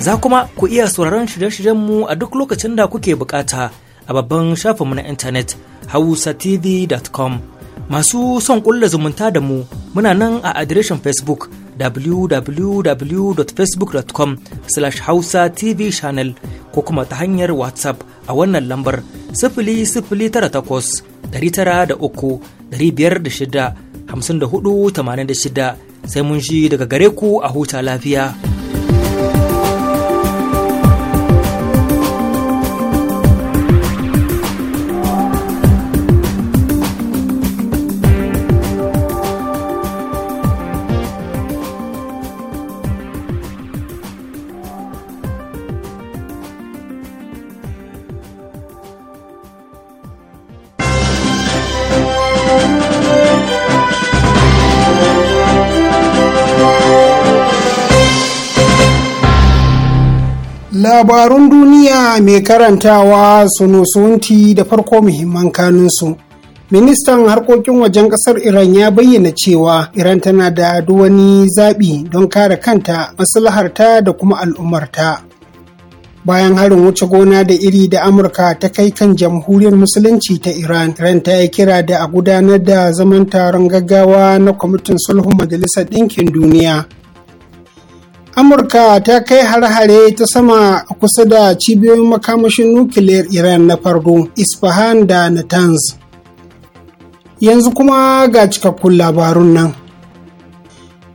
Za kuma ku iya sauraron shirye-shiryenmu a duk lokacin da kuke bukata a babban shafinmu na intanet hausatv.com. Masu son ƙulla zumunta da mu muna nan a adireshin Facebook www.facebook.com slash hausa tv channel ko kuma ta hanyar whatsapp a wannan lambar tara tamanin da 5486 sai mun shi daga gare ku a huta lafiya. Labarun duniya mai karantawa su sunusunti da farko muhimman kanunsu. Ministan harkokin wajen ƙasar Iran ya bayyana cewa Iran tana da wani zaɓi don kare kanta, maslaharta da kuma al'ummarta. bayan harin wuce gona da iri da amurka ta kai kan jamhuriyar musulunci ta iran iran ta yi kira da a gudanar da zaman taron gaggawa na kwamitin sulhun majalisar ɗinkin duniya amurka ta kai har-hare ta sama a kusa da cibiyoyin makamashin nukiliyar iran na farko isfahan da natanz yanzu kuma ga cikakkun labarun nan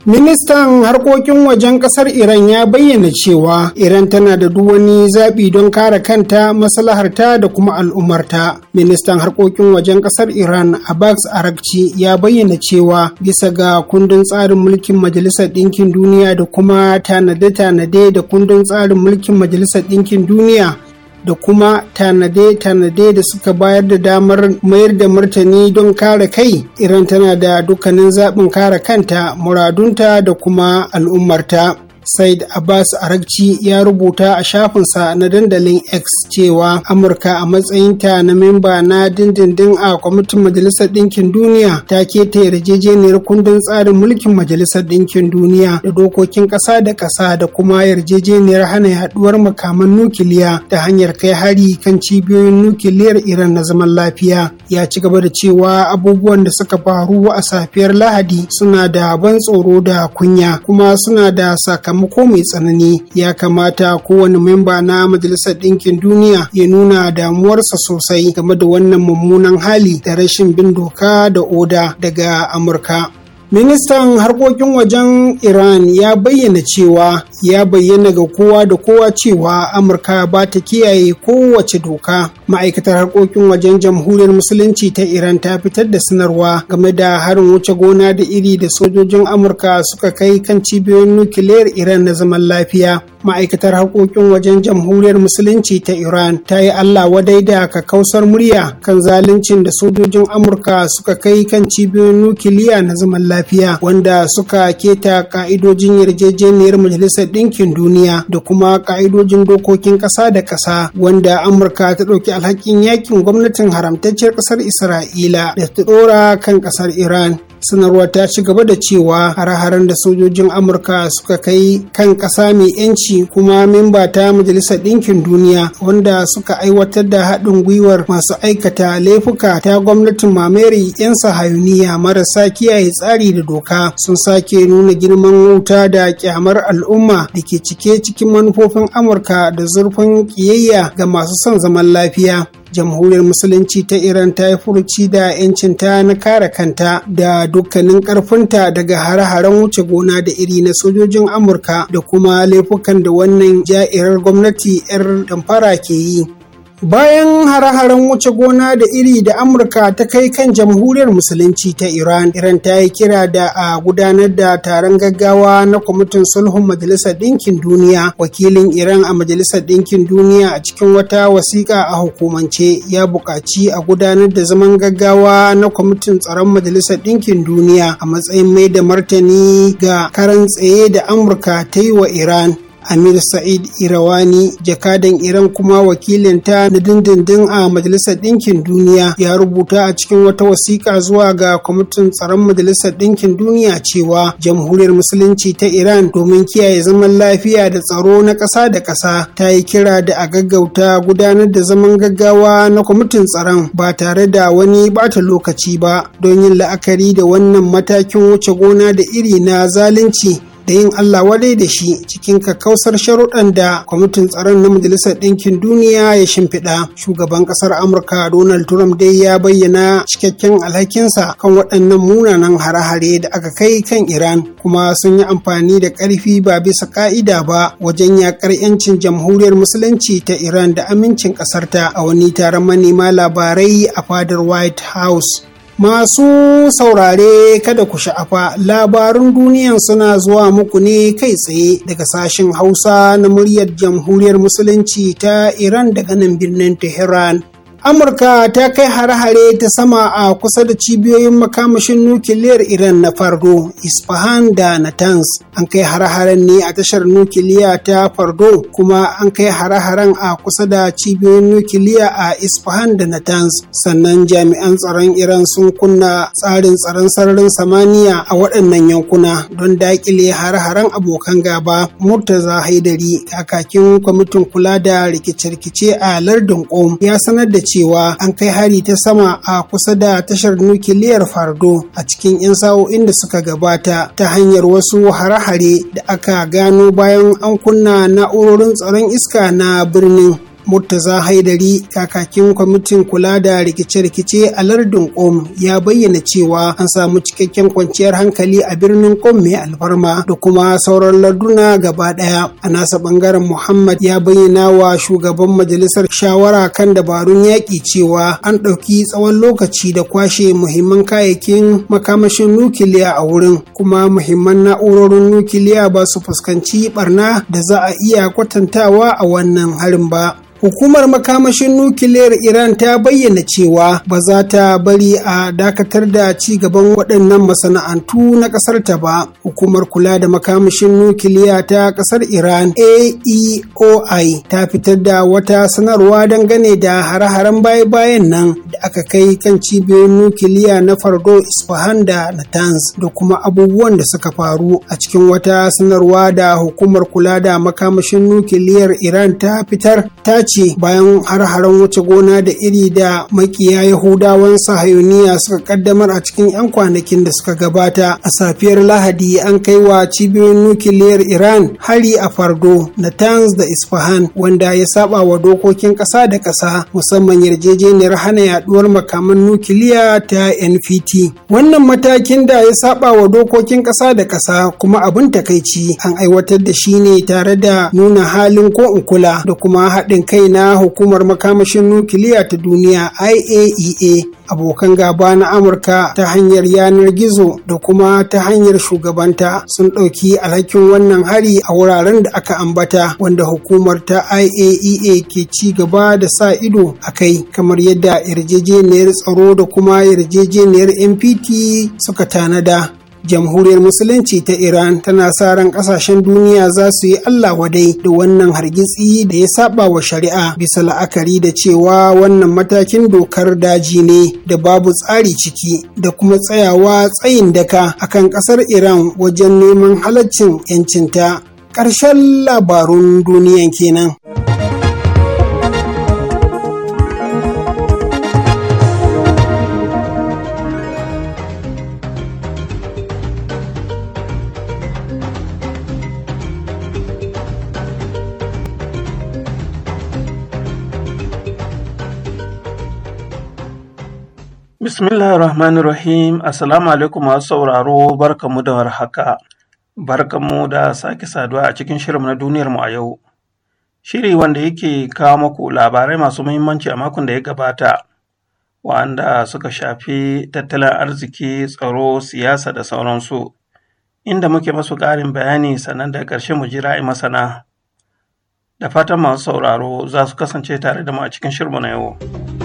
Ministan harkokin wajen kasar Iran ya bayyana cewa Iran tana da duk wani zaɓi don kare kanta, maslaharta da kuma al'ummarta. Ministan harkokin wajen kasar Iran Abbas Arakci ya bayyana cewa bisa ga kundin tsarin mulkin Majalisar Ɗinkin Duniya da kuma tanade-tanade da kundin tsarin mulkin Majalisar Ɗinkin Duniya da kuma tanade-tanade da suka bayar da damar mayar da martani don kare kai iran tana da dukkanin zaɓin kare kanta muradunta da kuma al'ummarta Said Abbas Arakci ya rubuta a shafinsa na dandalin X cewa Amurka a matsayinta na memba na dindindin a kwamitin Majalisar Ɗinkin Duniya ta keta yarjejeniyar kundin tsarin mulkin Majalisar Ɗinkin Duniya da dokokin ƙasa da ƙasa da kuma yarjejeniyar hana yaduwar makaman nukiliya ta hanyar kai hari kan cibiyoyin nukiliyar Iran na zaman lafiya. Ya ci gaba da cewa abubuwan da suka faru a safiyar Lahadi suna da ban tsoro da kunya kuma suna da sakamakon sakamako mai tsanani ya kamata kowane memba na majalisar ɗinkin duniya ya nuna damuwarsa sosai game da wannan mummunan hali da rashin bin doka da oda daga amurka Ministan harkokin wajen Iran ya bayyana cewa ya bayyana ga kowa da kowa cewa Amurka ba ta kiyaye kowace doka. Ma'aikatar harkokin wajen jamhuriyar Musulunci ta Iran ta fitar da sanarwa game da harin wuce gona da iri da sojojin Amurka suka kai kan cibiyoyin nukiliyar Iran na zaman lafiya. Ma'aikatar harkokin wajen jamhuriyar Musulunci ta Iran ta yi Allah wadai da kakausar murya kan zaluncin da sojojin Amurka suka kai kan cibiyoyin nukiliya na zaman lafiya. lafiya wanda suka keta ka'idojin yarjejeniyar majalisar ɗinkin duniya da kuma ka'idojin dokokin ƙasa da ƙasa wanda amurka ta ɗauki alhakin yakin gwamnatin haramtacciyar ƙasar isra'ila da ta ɗora kan ƙasar iran sanarwa ta ci gaba da cewa har-haren da sojojin amurka suka kai kan ƙasa mai yanci kuma memba ta majalisar ɗinkin duniya wanda suka aiwatar da haɗin gwiwar masu aikata laifuka ta gwamnatin mameri 'yan sahayuniya marasa kiyaye tsari da doka sun sake nuna girman wuta da ƙyamar al'umma da ke cike cikin manufofin amurka da zurfin ƙiyayya ga masu son zaman lafiya jamhuriyar musulunci ta iran ta yi furuci da 'yancinta na kare kanta da dukkanin karfinta daga hare-haren wuce gona da iri na sojojin amurka da kuma laifukan da wannan ja'irar gwamnati 'yar damfara ke yi Bayan hare-haren wuce gona da iri da Amurka ta kai kan jamhuriyar Musulunci ta Iran, Iran ta yi kira da a gudanar da taron gaggawa na kwamitin sulhun Majalisar Ɗinkin Duniya. Wakilin Iran a Majalisar Ɗinkin Duniya a cikin wata wasiƙa a hukumance ya buƙaci a gudanar da zaman gaggawa na kwamitin tsaron Majalisar Ɗinkin Duniya a matsayin mai da martani ga karan tsaye da Amurka ta yi wa Iran. Amir Sa'id Irawani jakadan Iran kuma wakilinta na dindindin a Majalisar Ɗinkin Duniya ya rubuta a cikin wata wasiƙa zuwa ga kwamitin tsaron Majalisar Ɗinkin Duniya cewa Jamhuriyar Musulunci ta Iran domin kiyaye zaman lafiya da tsaro na ƙasa da ƙasa ta yi kira da a gaggauta gudanar da zaman gaggawa na kwamitin tsaron ba tare da wani bata lokaci ba don yin la'akari da wannan matakin wuce gona da iri na zalunci da yin Allah wadai da shi cikin kakkausar sharuɗan da kwamitin tsaron na Majalisar Ɗinkin Duniya ya shimfiɗa. Shugaban ƙasar Amurka Donald Trump dai ya bayyana cikakken alhakinsa kan waɗannan munanan hare-hare da aka kai kan Iran kuma sun yi amfani da ƙarfi ba bisa ƙa'ida ba wajen yaƙar 'yancin jamhuriyar musulunci ta Iran da amincin ƙasarta a wani taron manema labarai a fadar White House. Masu saurare kada ku sha'afa labarun duniyan suna zuwa muku ne kai tsaye daga sashen Hausa na muryar Jamhuriyar Musulunci ta Iran daga nan birnin Tehran. amurka ta kai hare-hare ta sama a kusa da cibiyoyin makamashin nukiliyar iran na fardo isfahan da natanz an kai hare ne a tashar nukiliya ta fardo kuma an kai hare-haren a kusa da cibiyoyin nukiliya a isfahan da natanz sannan jami'an tsaron iran sun kunna tsarin tsaron sararin samaniya a waɗannan yankuna don daƙile hare-haren abokan gaba murtaza haidari kakakin kwamitin kula da rikice-rikice a lardin ƙom ya sanar da cewa an kai hari ta sama a kusa da tashar nukiliyar fardo a cikin 'yan sa'o'in da suka gabata ta hanyar wasu hare-hare da aka gano bayan an kunna na'urorin tsaron iska na birnin Murtaza Haidari kakakin kwamitin kula da rikice-rikice a lardin Qom ya bayyana cewa an samu cikakken kwanciyar hankali a birnin kom mai alfarma da kuma sauran larduna gaba daya. A nasa bangaren Muhammad ya bayyana wa shugaban majalisar shawara kan dabarun yaƙi cewa an ɗauki tsawon lokaci da kwashe muhimman kayayyakin makamashin nukiliya a wurin kuma muhimman na'urorin nukiliya ba su fuskanci barna da za a iya kwatantawa a wannan harin ba. Hukumar makamashin nukiliyar Iran ta bayyana cewa ba za ta bari a dakatar da ci gaban waɗannan masana'antu na ƙasar ta ba. Hukumar kula da makamashin nukiliya ta ƙasar Iran AEOI ta fitar da wata sanarwa dangane da hare-haren baya-bayan nan da aka kai kan cibiyoyin nukiliya na Fardo Isfahan da Natanz da kuma abubuwan da suka faru a cikin wata sanarwa da hukumar kula da makamashin nukiliyar Iran ta fitar ta ce bayan har-haren wuce gona da iri da makiya yahudawan sahayuniya suka kaddamar a cikin 'yan kwanakin da suka gabata a safiyar lahadi an kai wa cibiyoyin nukiliyar iran hari a fardo na tans da isfahan wanda ya saba wa dokokin kasa da kasa musamman yarjejeniyar hana yaduwar makaman nukiliya ta nft wannan matakin da ya saba wa dokokin kasa da kasa kuma abin takaici an aiwatar da shi ne tare da nuna halin ko in kula da kuma haɗin kai kai na hukumar makamashin nukiliya ta duniya iaea e abokan gaba na amurka ta hanyar yanar gizo da kuma ta hanyar shugabanta sun ɗauki alhakin wannan hari a wuraren da aka ambata wanda hukumar ta iaea e ke ci gaba da sa ido a kai kamar yadda yarjejeniyar tsaro da kuma yarjejeniyar npt suka tanada jamhuriyar musulunci ta iran tana sa ran kasashen duniya za su yi allah wadai da wannan hargitsi da ya saba wa shari'a bisa la'akari da cewa wannan matakin dokar daji ne da babu tsari ciki da kuma tsayawa tsayin daka akan kasar iran wajen neman halaccin yancinta ƙarshen labarun duniyan kenan. Bismillahir Rahmanir Rahim, Assalamu alaikum masu sauraro barkamu da warhaka. Barkamu da sake saduwa a cikin shirinmu na duniyar mu a yau. Shiri wanda yake kawo muku labarai masu muhimmanci a makon da ya gabata, wanda suka shafi tattalin arziki, tsaro, siyasa da sauransu. Inda muke masu ƙarin bayani sannan da ƙarshe mu jira masana. Da fatan masu sauraro za su kasance tare da mu a cikin shirinmu na yau.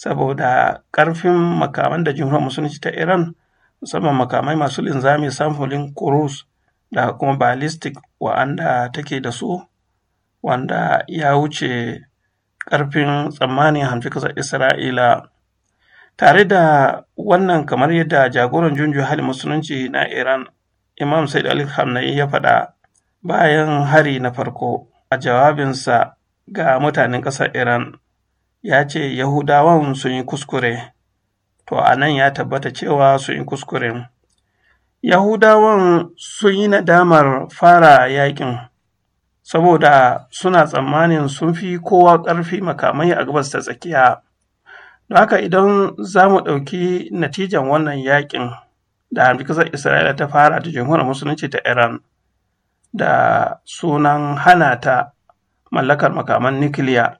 saboda karfin makaman da jimhuriyar musulunci ta iran musamman makamai masu linzami samfulin kurus da kuma ballistic wa'anda take da su wanda ya wuce karfin tsammanin hamshi kasa isra'ila tare da wannan kamar yadda jagoran junju hali musulunci na iran imam said ali ya faɗa bayan hari na farko a jawabinsa ga mutanen ƙasar iran ya ce Yahudawan sun yi kuskure, to a nan ya tabbata cewa sun yi kuskure. Yahudawan sun yi nadamar fara yakin, saboda suna tsammanin sun fi kowa ƙarfi makamai a gabas ta tsakiya. Da haka idan za mu ɗauki natijan wannan yakin da hamdukasar Isra'ila ta fara da jamhuriyar musulunci ta Iran da sunan hana ta mallakar makaman nukiliya.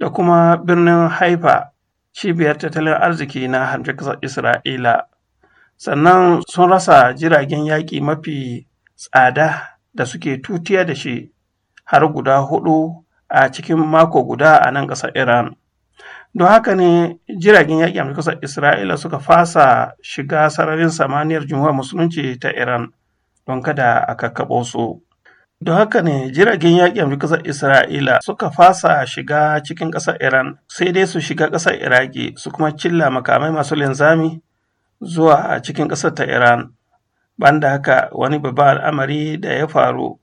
da kuma birnin Haifa cibiyar tattalin arziki na hamshe ƙasar Isra'ila. Sannan sun rasa jiragen yaƙi mafi tsada da suke tutiya da shi har guda hudu a cikin mako guda a nan ƙasar Iran. Don haka ne jiragen yaƙi hamshe ƙasar Isra'ila suka fasa shiga sararin samaniyar jumhuriyar musulunci ta Iran don kada a kakkaɓo su. Don haka ne jiragen yakin ƙasar Isra'ila suka fasa shiga cikin ƙasar Iran sai dai su shiga ƙasar Iraki su kuma cilla makamai masu linzami zuwa cikin ƙasar ta Iran. Banda haka wani babban al'amari da ya faru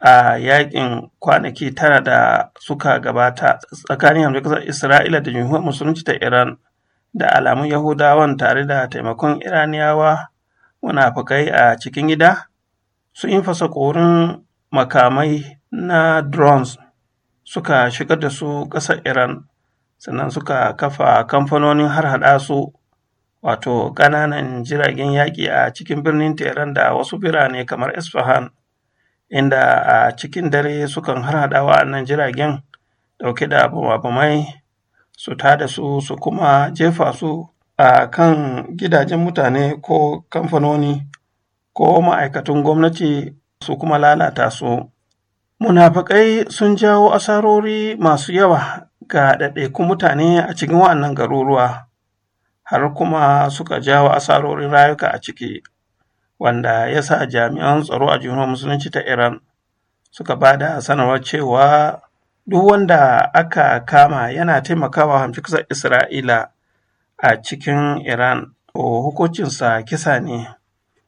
a yaƙin kwanaki tara da suka gabata tsakanin hamdu ƙasar Isra'ila da jumhuriyar musulunci ta Iran da alamun Yahudawan tare da taimakon Iraniyawa munafukai a cikin gida sun yi fasa korin makamai na drones suka shigar da su ƙasar Iran sannan suka kafa kamfanonin harhaɗa su wato ƙananan jiragen yaƙi a cikin birnin Tehran da wasu birane kamar Isfahan inda a cikin dare sukan harhaɗa wa'annan jiragen ɗauke da bamabamai su tada su su kuma jefa su a kan gidajen mutane ko kamfanoni ko ma'aikatan gwamnati su kuma lalata su. Munafakai sun jawo asarori masu yawa ga ɗaiɗaikun mutane a cikin wannan garuruwa, har kuma suka jawo asarorin rayuka a ciki, wanda ya sa jami'an tsaro a juna musulunci ta Iran suka ba da sanarwar cewa duk wanda aka kama yana taimakawa kusa Isra'ila a cikin Iran, hukuncinsa kisa ne.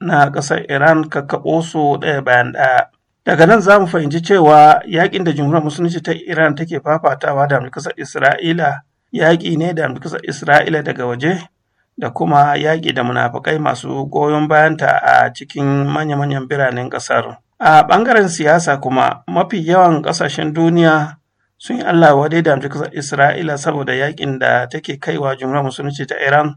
na ƙasar Iran kakaɓo su ɗaya bayan ɗaya. Daga nan za mu fahimci cewa yaƙin da jumhuriyar musulunci ta Iran take fafatawa da amurkasar Isra'ila yaƙi ne da amurkasar Isra'ila daga waje da kuma yaƙi da munafukai masu goyon bayanta a cikin manya-manyan biranen ƙasar. A ɓangaren siyasa kuma mafi yawan ƙasashen duniya sun yi Allah wadai da kasar Isra'ila saboda yaƙin da take kaiwa jumhuriyar musulunci ta Iran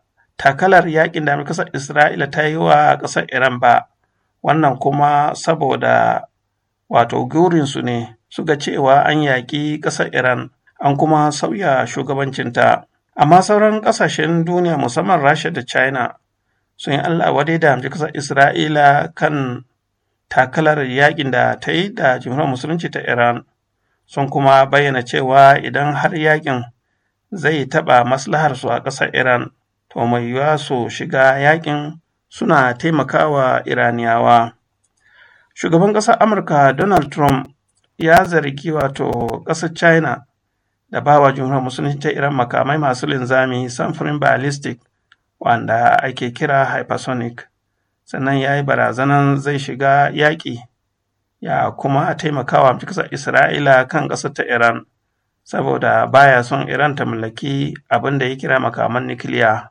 takalar yakin da kasar isra'ila ta yi wa kasar iran ba wannan kuma saboda wato gurinsu ne suka cewa an yaƙi ƙasar iran an kuma sauya shugabancinta amma sauran ƙasashen duniya musamman rasha da china sun yi allah wadai da hamshi ƙasar isra'ila kan takalar yakin da ta yi da jimhuriyar musulunci ta iran sun kuma bayyana cewa idan har yakin zai taɓa maslaharsu a ƙasar iran to mai yiwuwa su shiga yaƙin suna taimakawa Iraniyawa. Shugaban ƙasar Amurka Donald Trump ya zargi wato ƙasar China da bawa jumhuriyar musulunci ta Iran makamai masu linzami samfurin ballistic wanda ake kira hypersonic sannan ya yi barazanan zai shiga yaƙi ya kuma taimakawa ƙasar Isra'ila kan ƙasar ta Iran saboda baya son Iran ta mallaki abin da ya kira makaman nukiliya.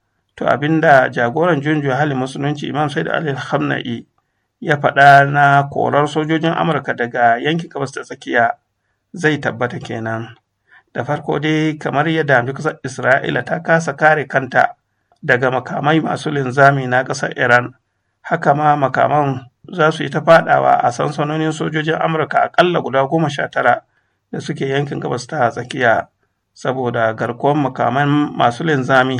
to abinda jagoran juyin juya halin musulunci imam said ali hamna'i ya faɗa na korar sojojin amurka daga yankin gabas da tsakiya zai tabbata kenan da farko dai kamar yadda kasa isra'ila ta kasa kare kanta daga makamai masu linzami na ƙasar iran haka ma makaman za su yi ta fadawa a sansanonin sojojin amurka aƙalla guda goma sha tara da suke yankin gabas ta tsakiya saboda garkuwar makaman masu linzami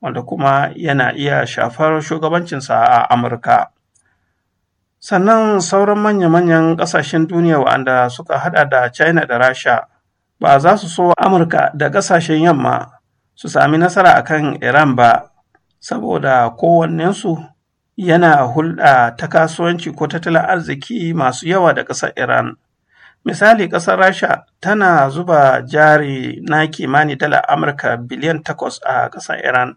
wanda kuma yana iya shafar shugabancinsa a Amurka. Sannan sauran manya-manyan ƙasashen duniya wa'anda suka haɗa da China da Rasha ba za su so Amurka da ƙasashen yamma su sami nasara a kan Iran ba, saboda kowannensu yana hulɗa ta kasuwanci ko tattalin arziki masu yawa da ƙasar Iran. Misali ƙasar Rasha tana zuba jari na kimani dala Amurka biliyan takwas a ƙasar Iran.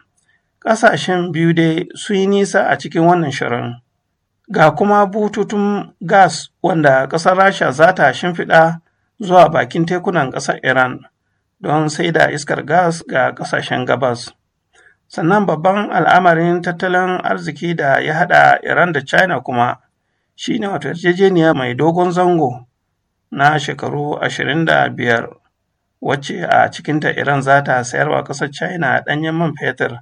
Ƙasashen biyu dai sun yi nisa a cikin wannan shirin. Ga kuma bututun gas wanda ƙasar Rasha za ta shimfiɗa zuwa bakin tekunan ƙasar Iran don sai da iskar gas ga ƙasashen gabas. Sannan babban al'amarin tattalin arziki da ya haɗa Iran da China kuma shi ne wato yarjejeniya mai dogon zango na shekaru 25 wacce a cikinta Iran za ta sayarwa ƙasar China ɗanyen man fetur.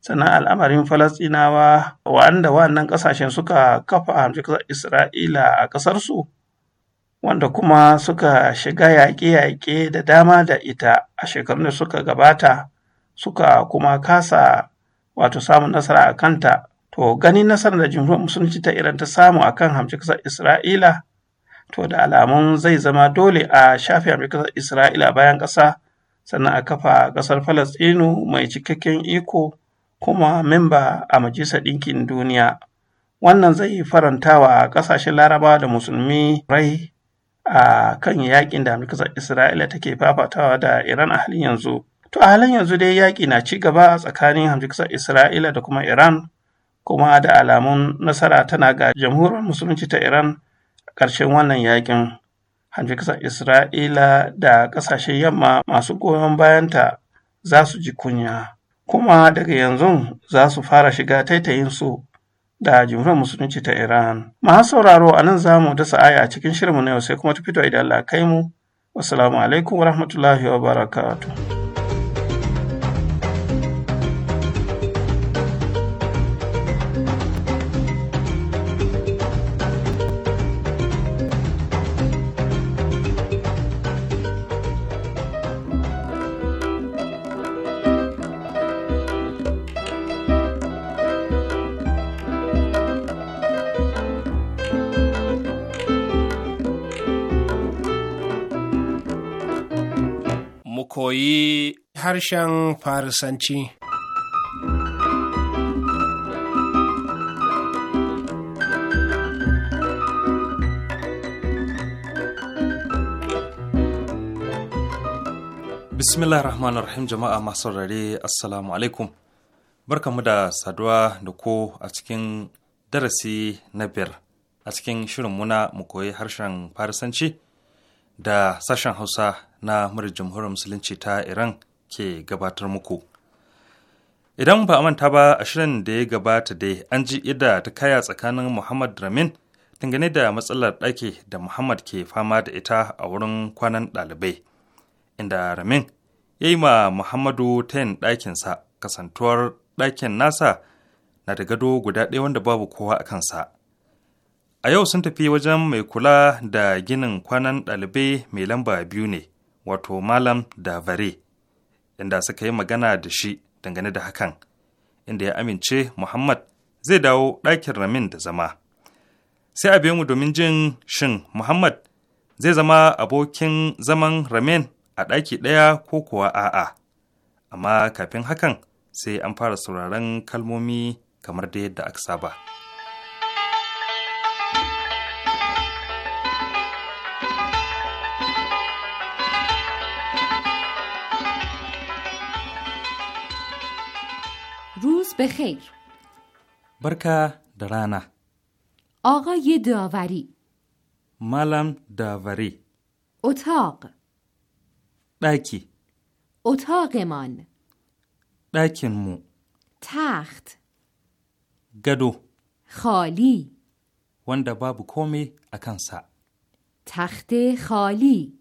sannan al'amarin falastinawa wa'anda wannan ƙasashen suka kafa hamshi ƙasar isra'ila a ƙasarsu wanda kuma suka shiga yaƙe-yaƙe da dama da ita a shekarun da suka gabata suka kuma kasa wato samun nasara a kanta to ganin nasarar da jumhuriyar musulunci ta iran ta samu a kan hamci ƙasar isra'ila to da alamun zai zama dole a shafe hamci ƙasar isra'ila bayan ƙasa sannan a kafa ƙasar falastinu mai cikakken iko kuma memba a Majalisar Ɗinkin Duniya. Wannan zai faranta wa ƙasashen Laraba da Musulmi rai a kan yaƙin da Amurkar Isra'ila take fafatawa da Iran a halin yanzu. To a halin yanzu dai yaƙi na ci gaba tsakanin Amurkar Isra'ila da kuma Iran, kuma da alamun nasara tana ga jamhuriyar Musulunci ta Iran a ƙarshen wannan yaƙin. Amurkar Isra'ila da ƙasashen yamma masu goyon bayanta za su ji kunya. kuma daga yanzu za su fara shiga su da jumhuriyar musulunci ta Iran. Masu sauraro a nan za mu dasa aya a cikin shirinmu na yau sai kuma ta idan Allah kai mu. Wassalamu alaikum warahmatullahi rahmatullahi harshen Farisanci. Bismillah rahman rahim jama'a masu saurare Assalamu alaikum. Barkamu da saduwa da ko a cikin darasi na biyar a cikin shirin muna mu koyi harshen Farisanci da sashen Hausa na murar jamhuriyar Musulunci ta Iran. ke gabatar muku. Idan ba a manta ba a shirin da ya gabata dai an ji ida ta kaya tsakanin Muhammad Ramin dangane da matsalar ɗaki da Muhammad ke fama da ita a wurin kwanan ɗalibai, inda Ramin ya yi ma Muhammadu ta tayin ɗakinsa kasantuwar ɗakin nasa na da gado guda ɗaya wanda babu kowa a kansa. A yau sun tafi wajen mai kula da ginin kwanan ɗalibai mai lamba biyu ne, wato Malam da inda suka yi magana da shi dangane da hakan inda ya amince muhammad zai dawo ɗakin ramin da zama sai a mu domin jin shin muhammad zai zama abokin zaman ramin a ɗaki ɗaya ko kuwa a'a amma kafin hakan sai an fara sauraron kalmomi kamar da yadda aka saba. به برکه درانه درانا آقای داوری مالم داوری اتاق باکی اتاق من مو تخت گدو خالی وند بابو کومی اکنسا تخت خالی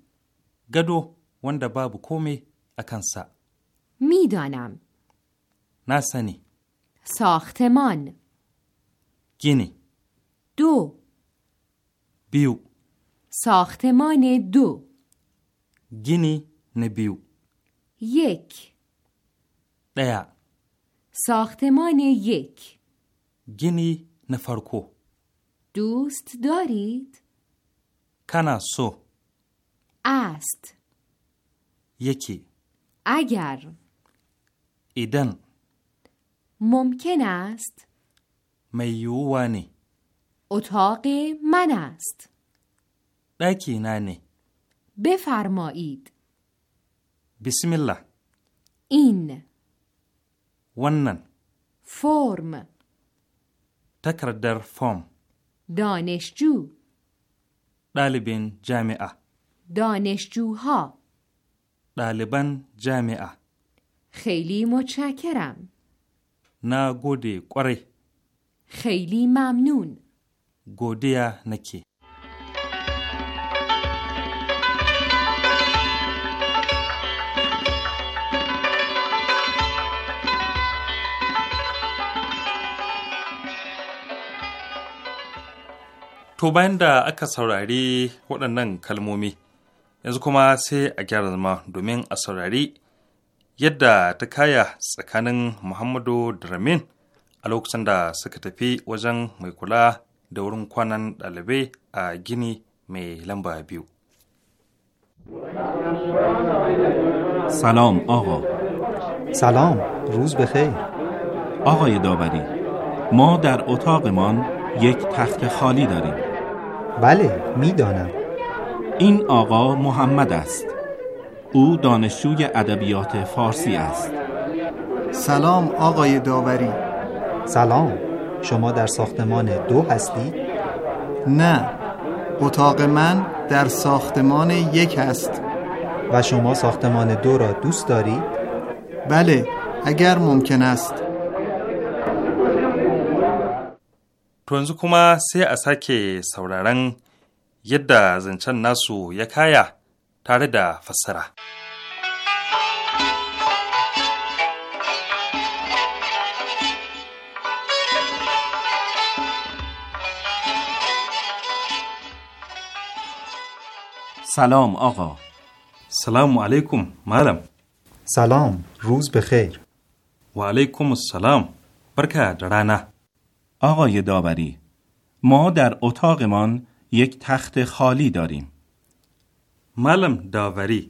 گدو وند بابو کومی اکنسا میدانم ناسانی ساختمان گینی دو بیو ساختمان دو گینی نبیو یک دیا ساختمان یک گینی نفرکو دوست دارید؟ کنا سو است یکی اگر ایدن ممکن است میوانی اتاق من است دکی بفرمایید بسم الله این ونن فرم در فرم دانشجو دالبین جامعه دانشجوها دالبان جامعه خیلی متشکرم na gode kwarai. Khaili mamnun. godiya nake. To bayan da aka saurari waɗannan kalmomi, yanzu kuma sai a gyara zama domin a saurari یده تکایه سکنن محمدو درمین a lokacin da suka tafi wajen mai kula da wurin kwanan ɗalibai سلام آقا سلام روز بخیر آقای داوری ما در اتاقمان یک تخت خالی داریم بله میدانم این آقا محمد است او دانشجوی ادبیات فارسی است. سلام آقای داوری. سلام. شما در ساختمان دو هستی؟ نه. اتاق من در ساختمان یک هست. و شما ساختمان دو را دوست دارید؟ بله، اگر ممکن است. تونزو کما سی sai a sake sauraron yadda zancen ناسو tare da سلام آقا سلام علیکم مالم سلام روز بخیر و علیکم السلام برکه درانه آقای داوری ما در اتاقمان یک تخت خالی داریم Malam davare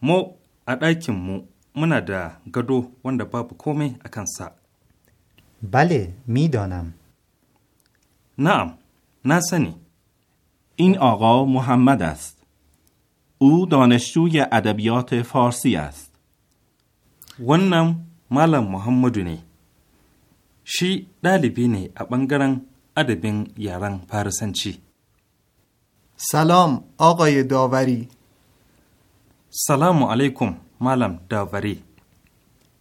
mu a ɗakinmu muna da gado wanda babu komai a kansa. Bale, mi donam. Na'am, na sani. in آقا محمد است. او دانشجوی ادبیات فارسی است. wannan Malam Muhammadu ne, shi ɗalibi ne a ɓangaren adabin yaren Farisanci. سلام آقای داوری سلام علیکم معلم داوری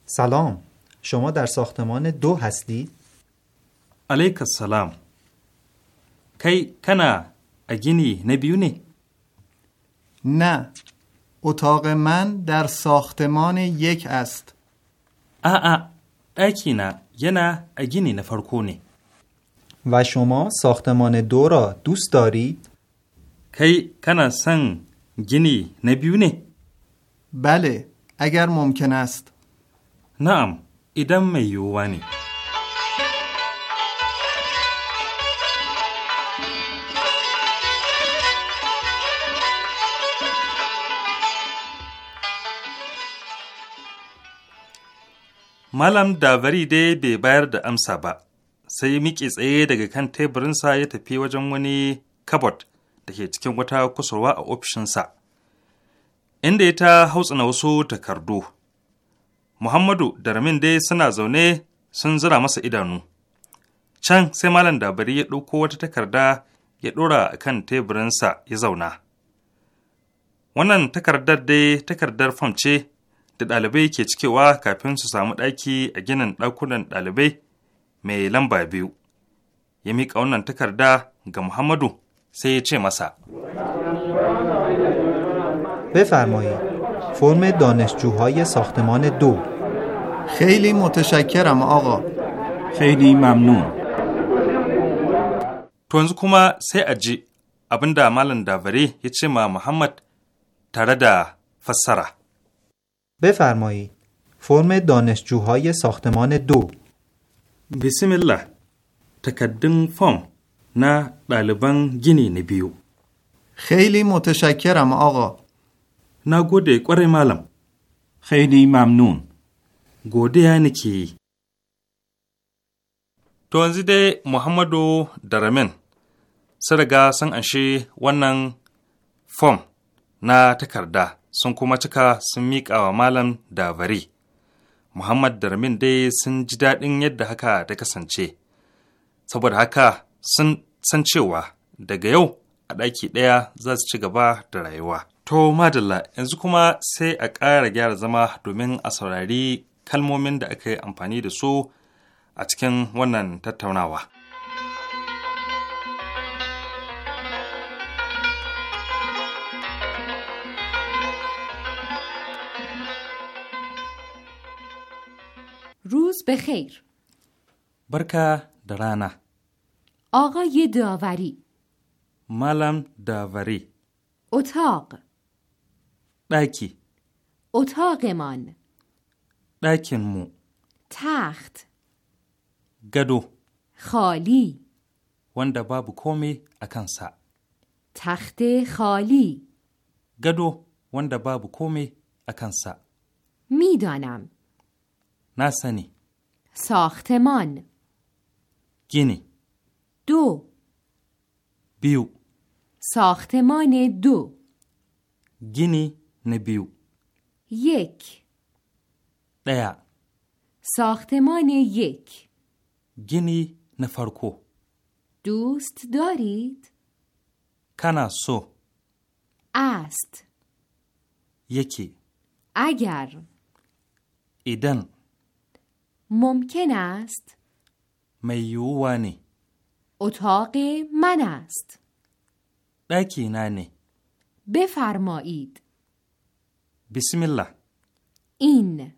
سلام شما در ساختمان دو هستی؟ علیک السلام کی کنا اگینی نبیونی؟ نه اتاق من در ساختمان یک است آ آ اکی نه یه نه اگینی نفرکونی و شما ساختمان دو را دوست داری؟ kai kana son gini na biyu ne? Bale, agar mumkinast. Na'am, idan mai yiwuwa ne. Malam Davari dai bai bayar da amsa ba, sai miƙi tsaye daga kan teburinsa ya tafi wajen wani kabot. da ke cikin wata kusurwa a ofishinsa, inda ya ta hautsina wasu takardu. Muhammadu da Ramin dai suna zaune sun zura masa idanu. Can sai Malam Dabari ya ɗauko wata takarda ya ɗora a kan teburinsa ya zauna. Wannan takardar dai takardar fam ce da ɗalibai ke cikewa kafin su samu ɗaki a ginin ɗakunan ɗalibai mai lamba biyu. Ya miƙa wannan takarda ga Muhammadu سه چه به بفرمایید فرم دانشجوهای ساختمان دو خیلی متشکرم آقا خیلی ممنون تونز کما سه اجی ابن دا مالن دا وری هیچی ما محمد تره دا فسره بفرمایید فرم دانشجوهای ساختمان دو بسم الله تکدن فرم Na ɗaliban gini na biyu. خیلی متشکرم آقا. Na gode ƙwarai malam. خیلی ممنون. Godiya nake yi. To yanzu dai Muhammadu da Ramin sun sun anshe wannan fom na takarda sun kuma cika sun miƙa wa malam da bari. Muhammad da Ramin dai sun ji daɗin yadda haka ta kasance. Saboda haka sun san cewa daga yau a ɗaki ɗaya za su ci gaba da rayuwa. To madalla yanzu kuma sai a ƙara gyara zama domin a saurari kalmomin da aka yi amfani da su a cikin wannan tattaunawa. Bekhair Barka da rana. آقای داوری ملم داوری اتاق دایکی اتاقمان من مو تخت گدو خالی وند باب کومی اکنسا تخت خالی گدو وند باب کومی اکنسا می دانم نسنی ساختمان گینی دو بیو ساختمان دو گینی نبیو یک دیا ساختمان یک گینی نفرکو دوست دارید؟ کنا سو است یکی اگر ایدن ممکن است میوانی اتاق من است بکی نانی بفرمایید بسم الله این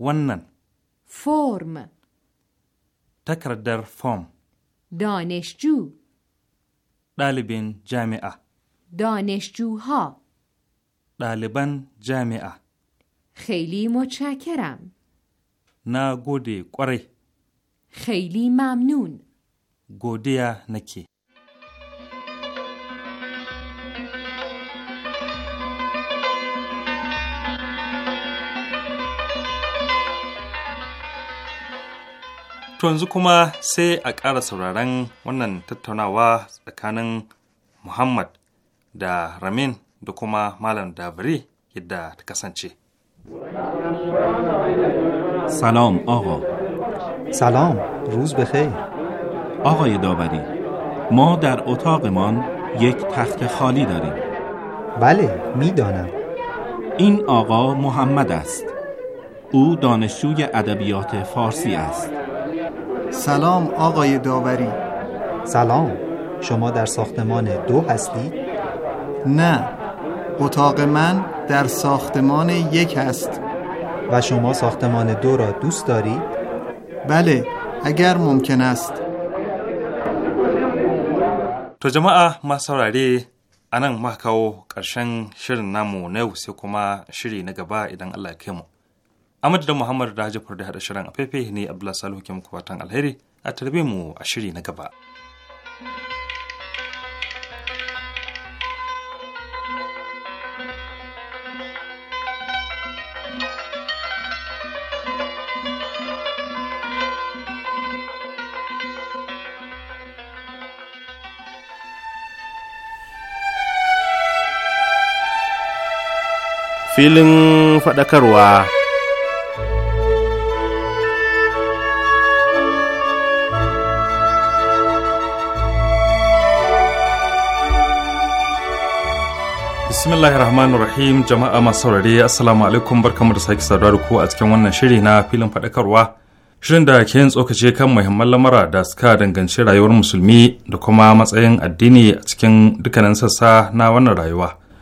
ونن فرم تکردر فرم دانشجو دالبین جامعه دانشجوها دالبان جامعه خیلی متشکرم گودی قره خیلی ممنون godiya nake. To yanzu kuma sai a ƙara sauraron wannan tattaunawa tsakanin Muhammad da Ramin da kuma Malam Dabiri yadda ta kasance. Salam, آقا Salam, Ruz آقای داوری ما در اتاقمان یک تخت خالی داریم بله میدانم این آقا محمد است او دانشجوی ادبیات فارسی است سلام آقای داوری سلام شما در ساختمان دو هستید؟ نه اتاق من در ساختمان یک است و شما ساختمان دو را دوست دارید؟ بله اگر ممکن است To jama'a masu saurare a nan ma kawo ƙarshen shirin namu na yau sai kuma shiri na gaba idan Allah ya mu. Amadu da muhammadu da Hajjafar da haɗa shirin a ne Abdullahi Salihu ke muku fatan alheri a tarbe mu a shiri na gaba. filin faɗakarwa. rahim jama'a masu saurare assalamu alaikum barkamu da sake saduwa da ku a cikin wannan shiri na filin faɗakarwa shirin da ke yin tsokace kan muhimman lamara da suka danganci rayuwar musulmi da kuma matsayin addini a cikin dukkanin sassa na wannan rayuwa.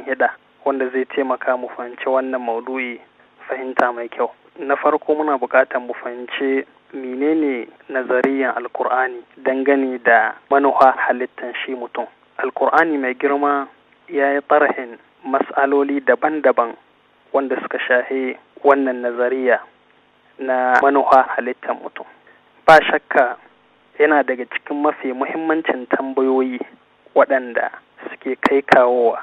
hida wanda zai taimaka mu fahimci wannan maudu'i fahimta mai kyau. Na farko muna buƙatar mu fahimci menene nazariyan alkur'ani dangane da manuha halittan shi mutum. Alkur'ani mai girma ya yi tarihin matsaloli daban-daban wanda suka shahe wannan nazariya na manuha halittar mutum. Ba shakka yana daga cikin mafi muhimmancin tambayoyi waɗanda suke kai kawowa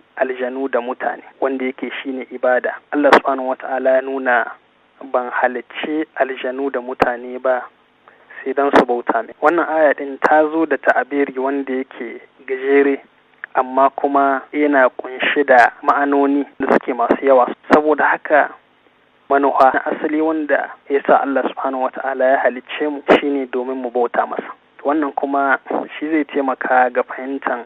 aljanu da mutane wanda yake shine ibada Allah subhanahu wata'ala ya nuna ban halicci aljanu da mutane ba sai don su bauta mai wannan aya din ta zo da ta'abiri wanda yake gajere amma kuma yana kunshi da ma'anoni da suke masu yawa saboda haka manuha na asali wanda ya sa Allah subhanahu wata'ala ya halicce mu shine domin mu bauta masa wannan kuma shi zai taimaka ga fahimtar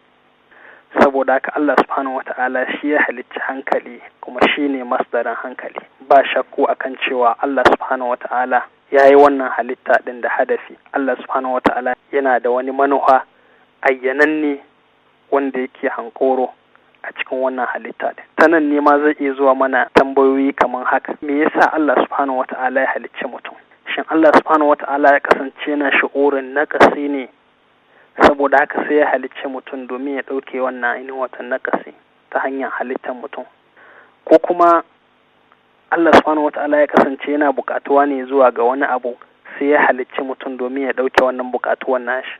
saboda haka Allah subhanahu ta'ala shi ya halicci hankali kuma shi ne masdarin hankali ba shakku akan cewa Allah subhanahu ta'ala ya yi wannan halitta ɗin da hadafi Allah subhanahu ta'ala yana da wani manuha ne wanda yake hankoro a cikin wannan halitta ɗin ta nan ne ma zai iya zuwa mana tambayoyi kamar haka me yasa Allah subhanahu ta'ala ya halicci mutum shin Allah subhanahu ta'ala ya kasance na shi'urin nakasi ne saboda haka sai ya halicci mutum domin ya ɗauke wannan ainihin watan nakasi ta hanyar halittar mutum ko kuma Allah subhanahu wata'ala ya kasance yana buƙatuwa ne zuwa ga wani abu sai ya halicci mutum domin ya ɗauke wannan bukatuwan nashi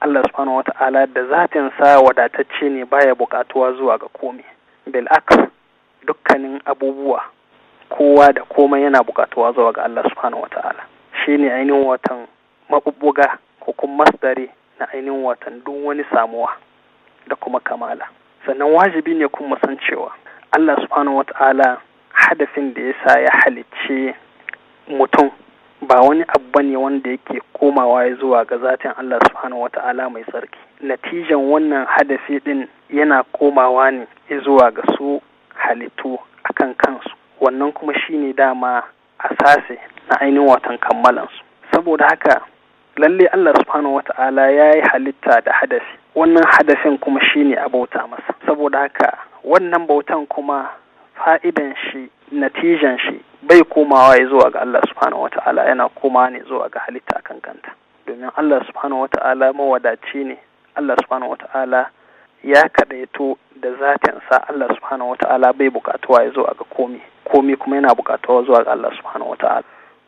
Allah subhanahu wa ta'ala da zatinsa wadatacce ne baya bukatuwa zuwa ga komai bil'aks dukkanin abubuwa kowa da komai yana bukatuwa zuwa ga Allah subhanahu wa ta'ala shi ne ainihin watan maɓuɓɓuga ko kuma masdari na ainihin watan duk wani samuwa da kuma kamala sannan wajibi ne kuma san cewa Allah subhanahu wa ta'ala hadafin da ya sa ya halicce mutum ba wani abu bane wanda yake komawa ya zuwa ga zatin Allah subhanahu wata'ala mai tsarki natijan wannan hadafi din yana komawa ne zuwa ga su halittu akan kansu wannan kuma shine dama a sase na ainihin watan kammalansu saboda haka lalle Allah subhanahu wata'ala ya yi halitta da hadafi. wannan hadafin kuma shine a bauta masa saboda haka wannan bautan kuma fa'idan shi natijan shi bai komawa ya zuwa ga Allah subhanahu wata'ala yana koma ne zuwa ga halitta kan kanta domin Allah subhanahu wata'ala mawadaci ne Allah subhanahu wata'ala ya kadaito da zatinsa Allah subhanahu wata'ala bai bukatuwa ya zuwa ga komi komi kuma yana bukatuwa zuwa ga Allah subhanahu wata'ala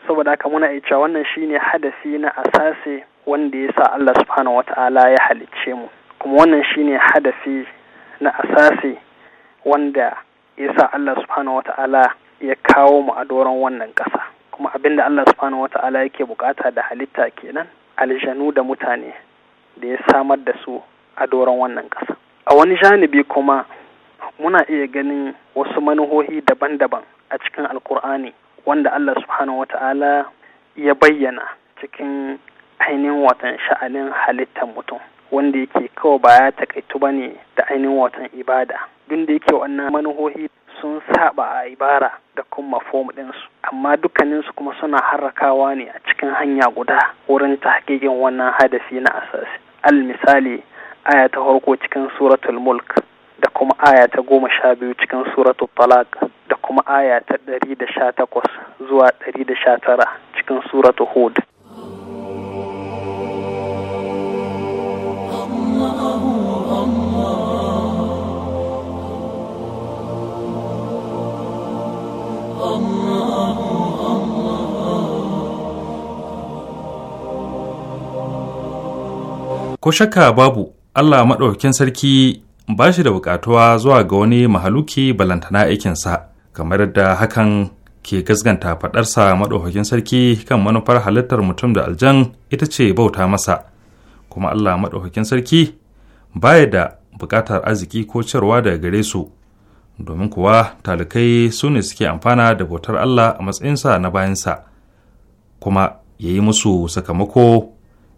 saboda haka muna iya wannan shine hadasi na asase wanda ya sa Allah subhanahu wata'ala ya halicce mu kuma wannan shine hadasi na asasi wanda yasa Allah subhanahu ta'ala ya kawo mu a doron wannan ƙasa kuma abin da Allah subhanahu ta'ala yake bukata da halitta kenan aljanu da mutane da ya samar da su a doron wannan ƙasa a wani janibi kuma muna iya ganin wasu manuhohi daban-daban a cikin alkur'ani wanda Allah subhanahu ta'ala ya bayyana cikin ainihin watan sha'anin halittar mutum wanda yake kawai baya takaitu ba ne da ainihin watan ibada duk da yake wannan manuhohi sun saba a ibara da kuma fom ɗinsu amma dukkaninsu kuma suna harrakawa ne a cikin hanya guda wurin ta hakikin wannan hadasi na asasi al misali aya ta farko cikin suratul mulk da kuma aya ta goma sha biyu cikin suratul talaq da kuma aya ta ɗari da sha takwas zuwa ɗari da sha tara cikin suratul hud ko shakka babu Allah maɗaukin sarki ba shi da buƙatuwa zuwa ga wani mahaluki balantana aikinsa kamar da hakan ke gasganta faɗarsa maɗaukin sarki kan manufar halittar mutum da aljan ita ce bauta masa kuma Allah maɗaukakin sarki ya da buƙatar arziki ko cirwa daga gare su domin kuwa talikai su ne suke amfana da bautar Allah a matsayinsa na bayansa kuma ya yi musu sakamako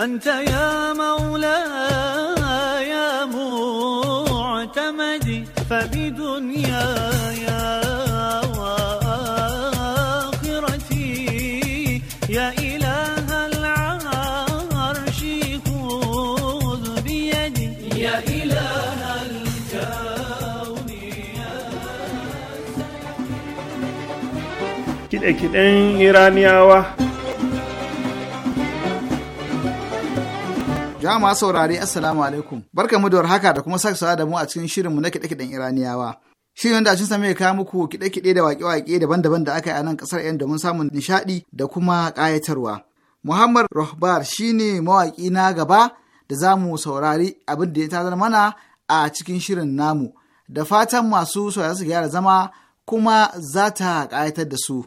أنت يا مولاي يا معتمدي فبدنياي وآخرتي يا إله العرش خذ بيدي يا إله الكون كده كده إيرانياوه ma saurari Assalamu alaikum. mu da haka da kuma sake da mu a cikin shirinmu na kiɗe-kiɗen Iraniyawa. Shirin wanda cin mai kawo muku kiɗe-kiɗe da waƙe-waƙe daban-daban da aka yi a nan ƙasar yan domin samun nishaɗi da kuma ƙayatarwa. Muhammad Rohbar ne mawaƙi na gaba da za mu saurari abin da ya tazar mana a cikin shirin namu. Da fatan masu saurari su gyara zama kuma za ta ƙayatar da su.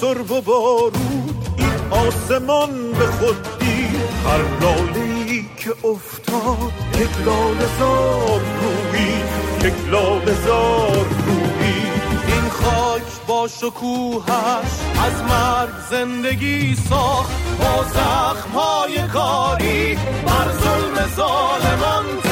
سرب و بارود این آسمان به خود دید هر لالی که افتاد یک لاله زار روی یک لاله زار روی این خاک با شکوهش از مرگ زندگی ساخت با زخمهای کاری بر ظلم ظالمان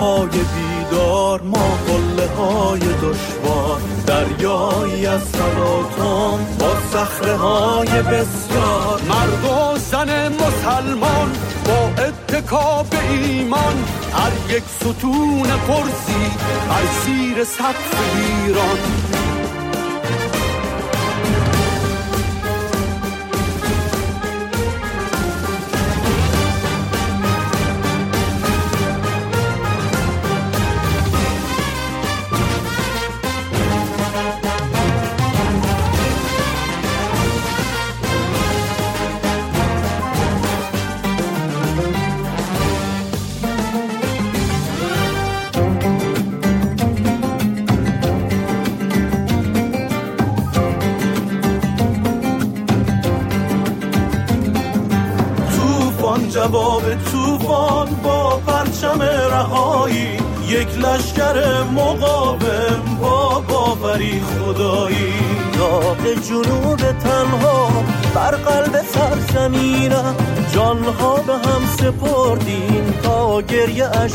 های بیدار ما قله های دشوار دریایی از تلاطم با صخره های بسیار مرد و زن مسلمان با اتکاب ایمان هر یک ستون پرسی بر زیر سقف ایران جواب توفان با پرچم رهایی یک لشکر مقاوم با باوری خدایی داغ جنوب تنها بر قلب سرزمینم جانها به هم سپردین تا گریه اش